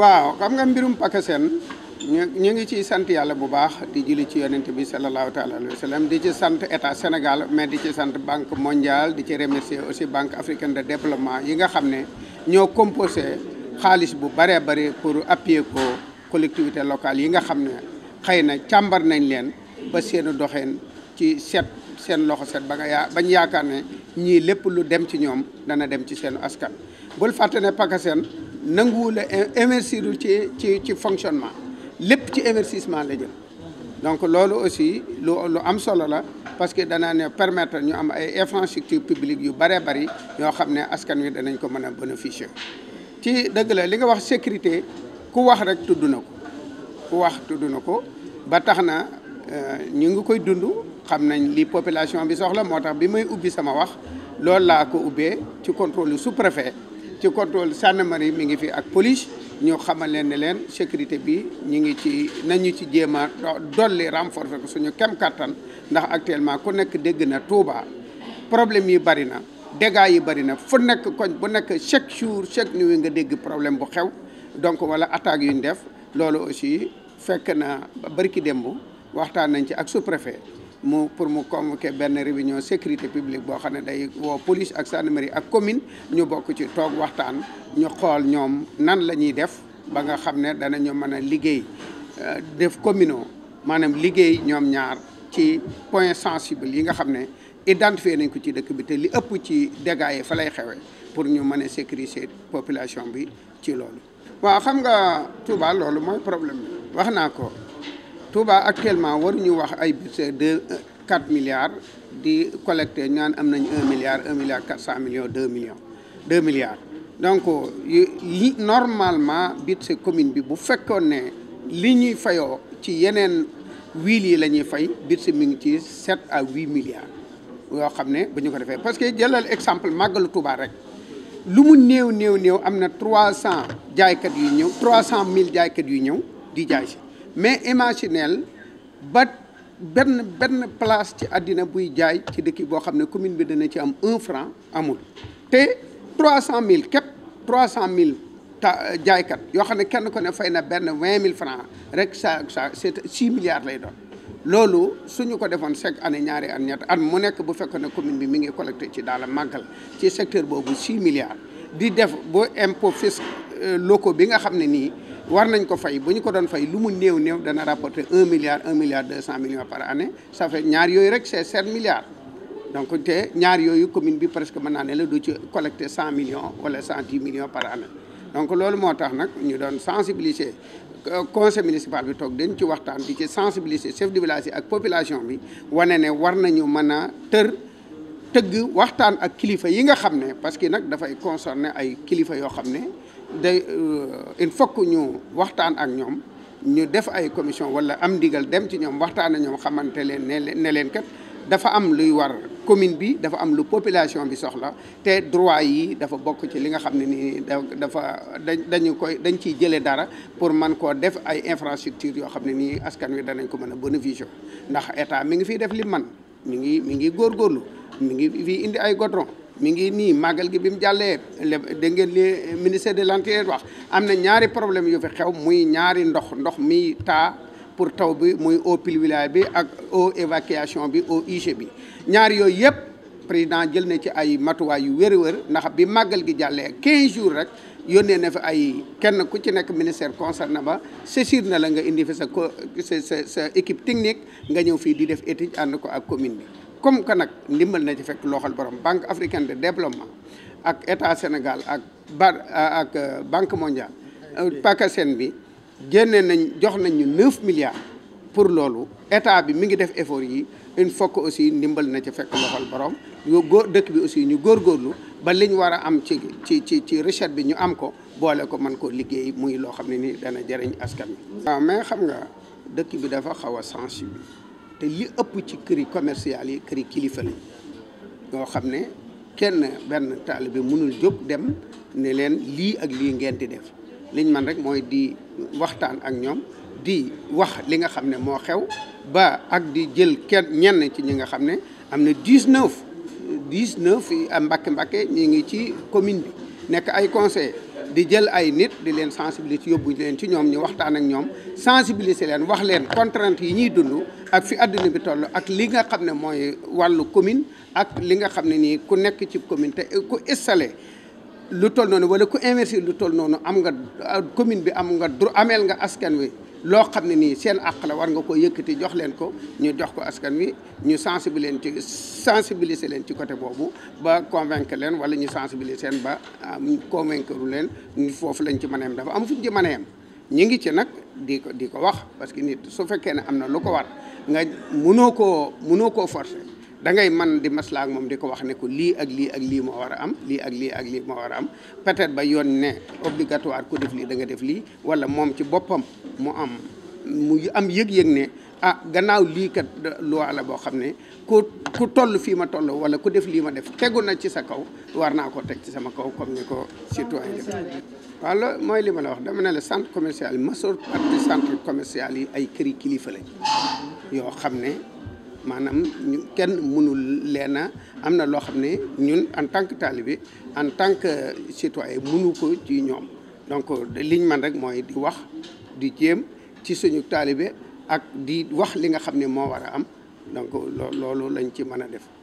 waaw xam nga mbirum Pakistan ñu ñu ngi ciy sant yàlla bu baax di julli ci yonent bi sallallahu taala alayhi wa di ci sant état Sénégal mais di ci sant banque mondiale di ci remercier aussi banque africaine de développement yi nga xam ne ñoo composé xaalis bu bëree bëri pour appuyer ko collectivité locale yi nga xam ne xëy na càmbar nañ leen ba seenu doxeen ci set seen loxo seet ba nga yaa bañ yaakaar ne ñii lépp lu dem ci ñoom dana dem ci seen askan bul nanguwul a investir ci ci ci fonctionnement lépp ci investissement la donc loolu aussi lu am solo la parce que danaa ne permettre ñu am ay infrastructures publiques yu bëree bari yoo xam ne askan wi danañ ko mën a bénéficier ci dëgg la li nga wax sécurité ku wax rek tudd na ko ku wax tudd na ko ba tax na euh, ñu ngi koy dund xam nañ li population bi soxla moo tax bi may ubbi sama wax loolu laa ko ubbee ci contrôle sous-préfet ci contrôle gendarmerie mi ngi fi ak police ñu xamal leen ne leen sécurité bi ñu ngi ci nañu ci jéem a dolli renforcer ko suñu kem kattan ndax actuellement ku nekk dégg na Touba problème yi bari na dégâts yi bari na fu nekk koñ bu nekk chaque jour chaque nuit nga dégg problème bu xew donc wala attaque yu ñu def loolu aussi fekk na dem démb waxtaan nañ ci ak sous-préfet mu pour mu convoquer benn réunion sécurité publique boo xam ne day woo police ak gendarmerie ak commune ñu bokk ci toog waxtaan ñu xool ñoom nan la ñuy def ba nga xam ne danañu mën a liggéey euh, def communaux maanaam liggéey ñoom ñaar ci point sensible yi nga xam ne identifié nañ ko ci dëkk bi te li ëpp ci dégâts yi fa lay xewe pour ñu mën a sécuriser population bi ci loolu. waaw xam nga Touba loolu mooy problème bi wax naa ko. Touba actuellement waruñu wax ay budget de 4 euh, milliards di collecté ñaan am nañ 1 milliard 1 milliard 400 millions 2 millions 2 milliards. donc euh, li normalement budget commune bi bu fekkoon ne li ñuy fayoo ci yeneen wiil yi la ñuy fay budget mi ngi ci 7 à 8 milliards yoo xam ne bu ñu ko defee parce que jëlal exemple màggalu Touba rek. lu mu néew néew néew am na trois cent jaaykat yu ñëw trois cent mille jaaykat yu ñëw di jaay si mais imaginel ba benn benn place ci àddina buy jaay ci dëkk boo xam ne commune bi dana ci am un franc amul te trois cent mille képp trois cent mille ta euh, jaaykat yoo xam ne kenn ko ne fay na benn vingt mille franc rek sa sa c'est six milliards lay doon loolu suñu ko defoon chaque année ñaari at ñett at mu nekk bu fekkoon ne commune bi mi ngi collecté ci daal màggal ci secteur boobu 6 milliards di def bu impôt fisc euh, locaux bi nga xam ne nii war nañ ko fay bu ñu ko doon fay lu mu néew néew dana rapporter un milliard un milliard deux cent millions par année ça fait ñaar yooyu rek c'est sept milliards donc te ñaar yooyu commune bi presque mën naa ne du ci collecter cent millions wala cent dix millions par donc loolu moo tax nag ñu doon sensibiliser euh, conseil municipal bi toog dañ ci waxtaan di ci sensibiliser chef de village ak population bi wane ne war nañu mën a tër tëgg waxtaan ak kilifa yi nga xam ne parce que nag dafay concerné ay kilifa yoo xam ne day euh, il faut ñu waxtaan ak ñoom ñu def ay commission wala am ndigal dem ci ñoom waxtaan ak ñoom xamante leen ne leen kat dafa am luy war commune bi dafa am lu population bi soxla te droit yi dafa bokk ci li nga xam ne nii dafa dañu koy dañ ciy jëlee dara pour man koo def ay infrastructure yoo xam ne nii askan wi danañ ko mën a bénéficier ndax état mi ngi fiy def li man mi ngi mi ngi góorgóorlu mi ngi fii indi ay godron mi ngi nii màggal gi bi mu jàllee dégg ngeen lee ministère de l'intérieur wax am na ñaari problème yu fi xew muy ñaari ndox ndox mi taa pour taw bi muy eau pluviale bi ak eau évacuation bi eau usée bi ñaari yooyu yëpp président jël na ci ay matuwaay yu wër-wër ndax bi màggal gi jàllee 15 jours rek yónnee na fi ay kenn ku ci nekk ministère concerné ba saisir na la nga indi fi sa sa sa équipe technique nga ñëw fii di def étude ànd ko ak commune bi. comme que nag ndimbal na ci fekk looxal borom banque africaine de développement ak état Sénégal ak bar euh, ak euh, banque mondiale euh, PACASEN bi génne nañ jox nañ ñu neuf milliards pour loolu état bi mi ngi def effort yi il faut que aussi ndimbal na ci fekk loxol borom yoo góor dëkk bi aussi ñu góor góorlu ba liñ war a am ci ci ci ci recette bi ñu am ko boole ko mën koo liggéey muy loo xam ne ni dana jëriñ askan wi. waaw ah, mais xam nga dëkk bi dafa xaw a sensible te li ëpp ci këri commercial yi këri kilifa lañ yoo xam ne kenn benn taalibe mënul jóg dem ne leen lii ak lii ngeen di def liñ man rek mooy di waxtaan ak ñoom di wax li nga xam ne moo xew ba ak di jël kenn ñenn ci ñi nga xam ne am na 19 19 mbàkke mbàkke ñu ngi ci commune bi nekk ay conseillers di jël ay nit di leen sensibiliser yóbbu leen ci ñoom ñu waxtaan ak ñoom sensibiliser leen wax leen contraintes yi ñuy dund ak fi àdduna bi toll ak li nga xam ne mooy wàllu commune ak li nga xam ne nii ku nekk ci commune te ku installé lu toll noonu wala ku investir lu toll noonu am nga commune bi am nga du ameel nga askan wi loo xam ne nii seen àq la war nga ko yëkkati jox leen ko ñu jox ko askan wi ñu sensibiliser leen ci sensibiliser leen ci côté boobu ba convaincre leen wala ñu sensibiliser leen ba convaincre leen foofu lañ ci mën a yem dafa am fu ñu ci mën a yem ñu ngi ci nag di ko di ko wax parce que nit su fekkee ne am na lu ko war nga munoo ko munoo ko forcer. da ngay man di maslaa ak moom di ko wax ne ko lii ak lii ak lii ma war a am lii ak lii ak lii ma war a am peut-être ba yoon ne obligatoire ku def lii da nga def lii wala moom ci boppam mu am mu am yëg-yëg ne ah gannaaw lii kat loi la boo xam ne ku ku toll fii ma toll wala ku def lii ma def tegu na ci sa kaw war naa ko teg ci sama kaw comme ni ko citoyen def loolu mooy li ma la wax dama ne la centre commercial yi majeure partie centre commerciale yi ay këri kilifa lañ xam ne maanaam kenn mënul leen a am na loo xam ne ñun en tant que talibé en tant que citoyen mënu ko ci ñoom donc liñ man rek mooy di wax di jéem ci suñu talibé ak di wax li nga xam ne moo war a am donc loolu lañ ci mën a def